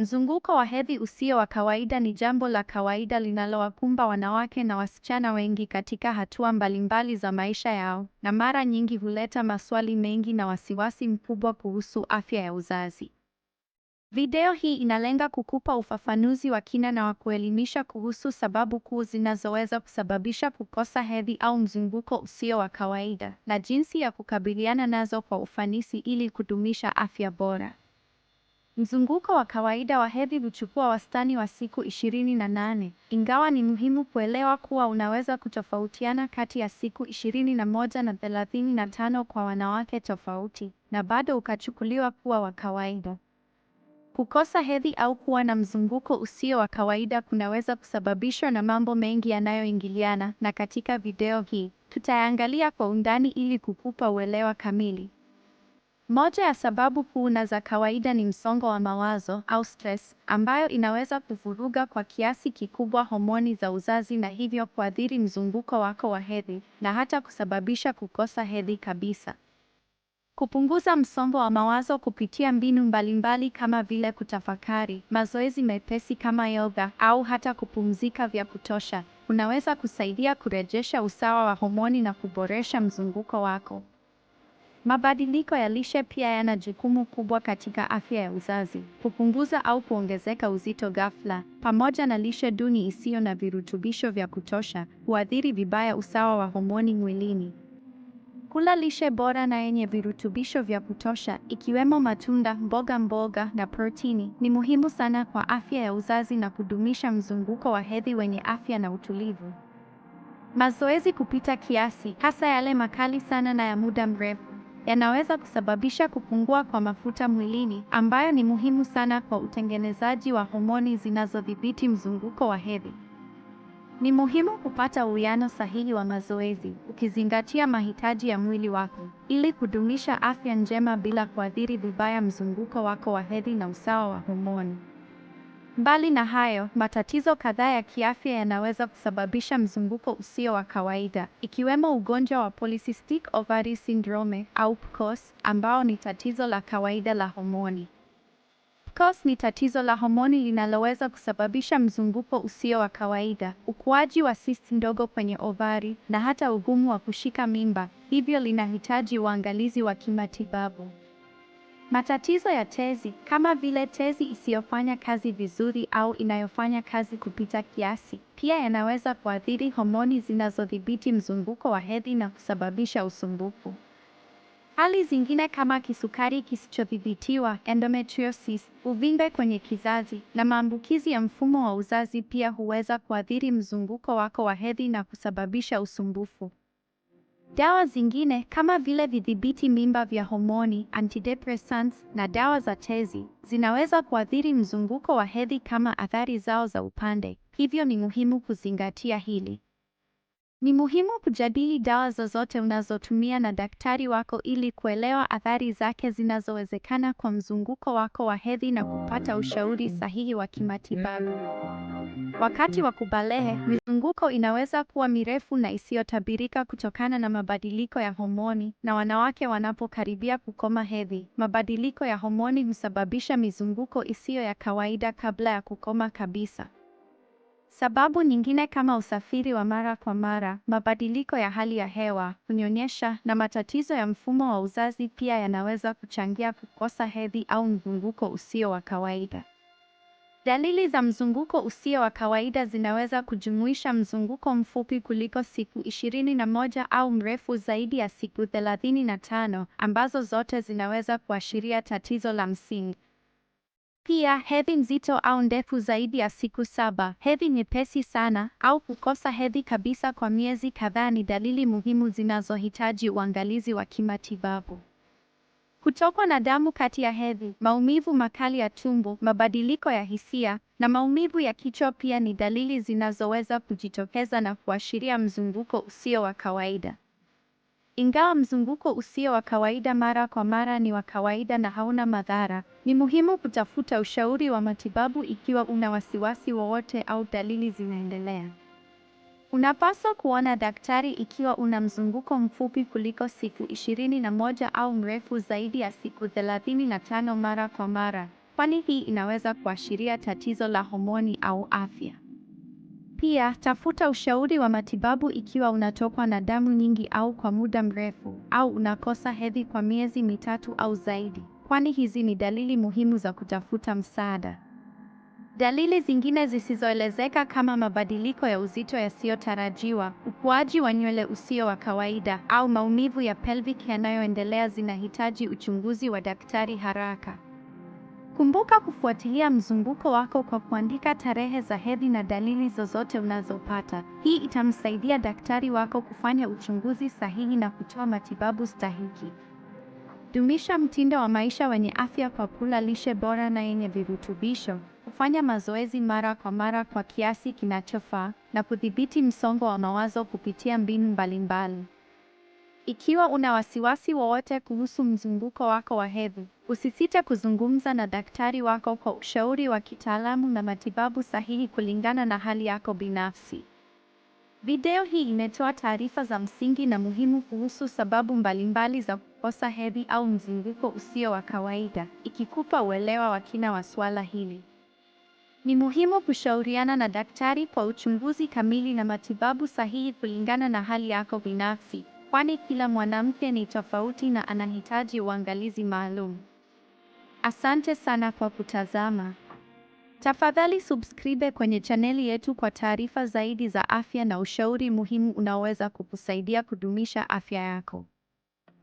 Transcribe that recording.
Mzunguko wa hedhi usio wa kawaida ni jambo la kawaida linalowakumba wanawake na wasichana wengi katika hatua mbalimbali za maisha yao, na mara nyingi huleta maswali mengi na wasiwasi mkubwa kuhusu afya ya uzazi. Video hii inalenga kukupa ufafanuzi wa kina na wa kuelimisha kuhusu sababu kuu zinazoweza kusababisha kukosa hedhi au mzunguko usio wa kawaida, na jinsi ya kukabiliana nazo kwa ufanisi ili kudumisha afya bora. Mzunguko wa kawaida wa hedhi huchukua wastani wa siku ishirini na nane, ingawa ni muhimu kuelewa kuwa unaweza kutofautiana kati ya siku ishirini na moja na thelathini na tano kwa wanawake tofauti, na bado ukachukuliwa kuwa wa kawaida. Kukosa hedhi au kuwa na mzunguko usio wa kawaida kunaweza kusababishwa na mambo mengi yanayoingiliana, na katika video hii tutayaangalia kwa undani ili kukupa uelewa kamili. Moja ya sababu kuu na za kawaida ni msongo wa mawazo au stress, ambayo inaweza kuvuruga kwa kiasi kikubwa homoni za uzazi na hivyo kuathiri mzunguko wako wa hedhi na hata kusababisha kukosa hedhi kabisa. Kupunguza msongo wa mawazo kupitia mbinu mbalimbali kama vile kutafakari, mazoezi mepesi kama yoga au hata kupumzika vya kutosha, unaweza kusaidia kurejesha usawa wa homoni na kuboresha mzunguko wako. Mabadiliko ya lishe pia yana jukumu kubwa katika afya ya uzazi, kupunguza au kuongezeka uzito ghafla, pamoja na lishe duni isiyo na virutubisho vya kutosha, huathiri vibaya usawa wa homoni mwilini. Kula lishe bora na yenye virutubisho vya kutosha, ikiwemo matunda, mboga mboga na protini, ni muhimu sana kwa afya ya uzazi na kudumisha mzunguko wa hedhi wenye afya na utulivu. Mazoezi kupita kiasi, hasa yale makali sana na ya muda mrefu yanaweza kusababisha kupungua kwa mafuta mwilini ambayo ni muhimu sana kwa utengenezaji wa homoni zinazodhibiti mzunguko wa hedhi. Ni muhimu kupata uwiano sahihi wa mazoezi ukizingatia mahitaji ya mwili wako ili kudumisha afya njema bila kuathiri vibaya mzunguko wako wa hedhi na usawa wa homoni. Mbali na hayo, matatizo kadhaa ya kiafya yanaweza kusababisha mzunguko usio wa kawaida, ikiwemo ugonjwa wa polycystic ovary syndrome au PCOS, ambao ni tatizo la kawaida la homoni. PCOS ni tatizo la homoni linaloweza kusababisha mzunguko usio wa kawaida, ukuaji wa cyst ndogo kwenye ovari na hata ugumu wa kushika mimba, hivyo linahitaji uangalizi wa kimatibabu. Matatizo ya tezi kama vile tezi isiyofanya kazi vizuri au inayofanya kazi kupita kiasi, pia yanaweza kuathiri homoni zinazodhibiti mzunguko wa hedhi na kusababisha usumbufu. Hali zingine kama kisukari kisichodhibitiwa, endometriosis, uvimbe kwenye kizazi na maambukizi ya mfumo wa uzazi pia huweza kuathiri mzunguko wako wa hedhi na kusababisha usumbufu. Dawa zingine kama vile vidhibiti mimba vya homoni, antidepressants na dawa za tezi zinaweza kuathiri mzunguko wa hedhi kama athari zao za upande, hivyo ni muhimu kuzingatia hili. Ni muhimu kujadili dawa zozote unazotumia na daktari wako ili kuelewa athari zake zinazowezekana kwa mzunguko wako wa hedhi na kupata ushauri sahihi wa kimatibabu. Wakati wa kubalehe, mizunguko inaweza kuwa mirefu na isiyotabirika kutokana na mabadiliko ya homoni, na wanawake wanapokaribia kukoma hedhi, mabadiliko ya homoni husababisha mizunguko isiyo ya kawaida kabla ya kukoma kabisa. Sababu nyingine kama usafiri wa mara kwa mara, mabadiliko ya hali ya hewa, kunyonyesha na matatizo ya mfumo wa uzazi pia yanaweza kuchangia kukosa hedhi au mzunguko usio wa kawaida. Dalili za mzunguko usio wa kawaida zinaweza kujumuisha mzunguko mfupi kuliko siku 21 au mrefu zaidi ya siku 35, ambazo zote zinaweza kuashiria tatizo la msingi. Pia, hedhi nzito au ndefu zaidi ya siku saba, hedhi nyepesi sana au kukosa hedhi kabisa kwa miezi kadhaa ni dalili muhimu zinazohitaji uangalizi wa kimatibabu. Kutokwa na damu kati ya hedhi, maumivu makali ya tumbo, mabadiliko ya hisia na maumivu ya kichwa pia ni dalili zinazoweza kujitokeza na kuashiria mzunguko usio wa kawaida. Ingawa mzunguko usio wa kawaida mara kwa mara ni wa kawaida na hauna madhara, ni muhimu kutafuta ushauri wa matibabu ikiwa una wasiwasi wowote au dalili zinaendelea. Unapaswa kuona daktari ikiwa una mzunguko mfupi kuliko siku 21 au mrefu zaidi ya siku 35 mara kwa mara, kwani hii inaweza kuashiria tatizo la homoni au afya. Pia, tafuta ushauri wa matibabu ikiwa unatokwa na damu nyingi au kwa muda mrefu, au unakosa hedhi kwa miezi mitatu au zaidi, kwani hizi ni dalili muhimu za kutafuta msaada. Dalili zingine zisizoelezeka kama mabadiliko ya uzito yasiyotarajiwa, ukuaji wa nywele usio wa kawaida au maumivu ya pelvic yanayoendelea zinahitaji uchunguzi wa daktari haraka. Kumbuka kufuatilia mzunguko wako kwa kuandika tarehe za hedhi na dalili zozote unazopata. Hii itamsaidia daktari wako kufanya uchunguzi sahihi na kutoa matibabu stahiki. Dumisha mtindo wa maisha wenye afya kwa kula lishe bora na yenye virutubisho. Kufanya mazoezi mara kwa mara kwa kiasi kinachofaa na kudhibiti msongo wa mawazo kupitia mbinu mbalimbali. Ikiwa una wasiwasi wowote kuhusu mzunguko wako wa hedhi, usisite kuzungumza na daktari wako kwa ushauri wa kitaalamu na matibabu sahihi kulingana na hali yako binafsi. Video hii imetoa taarifa za msingi na muhimu kuhusu sababu mbalimbali za kukosa hedhi au mzunguko usio wa kawaida, ikikupa uelewa wa kina wa suala hili. Ni muhimu kushauriana na daktari kwa uchunguzi kamili na matibabu sahihi kulingana na hali yako binafsi, kwani kila mwanamke ni tofauti na anahitaji uangalizi maalum. Asante sana kwa kutazama. Tafadhali subscribe kwenye chaneli yetu kwa taarifa zaidi za afya na ushauri muhimu unaoweza kukusaidia kudumisha afya yako.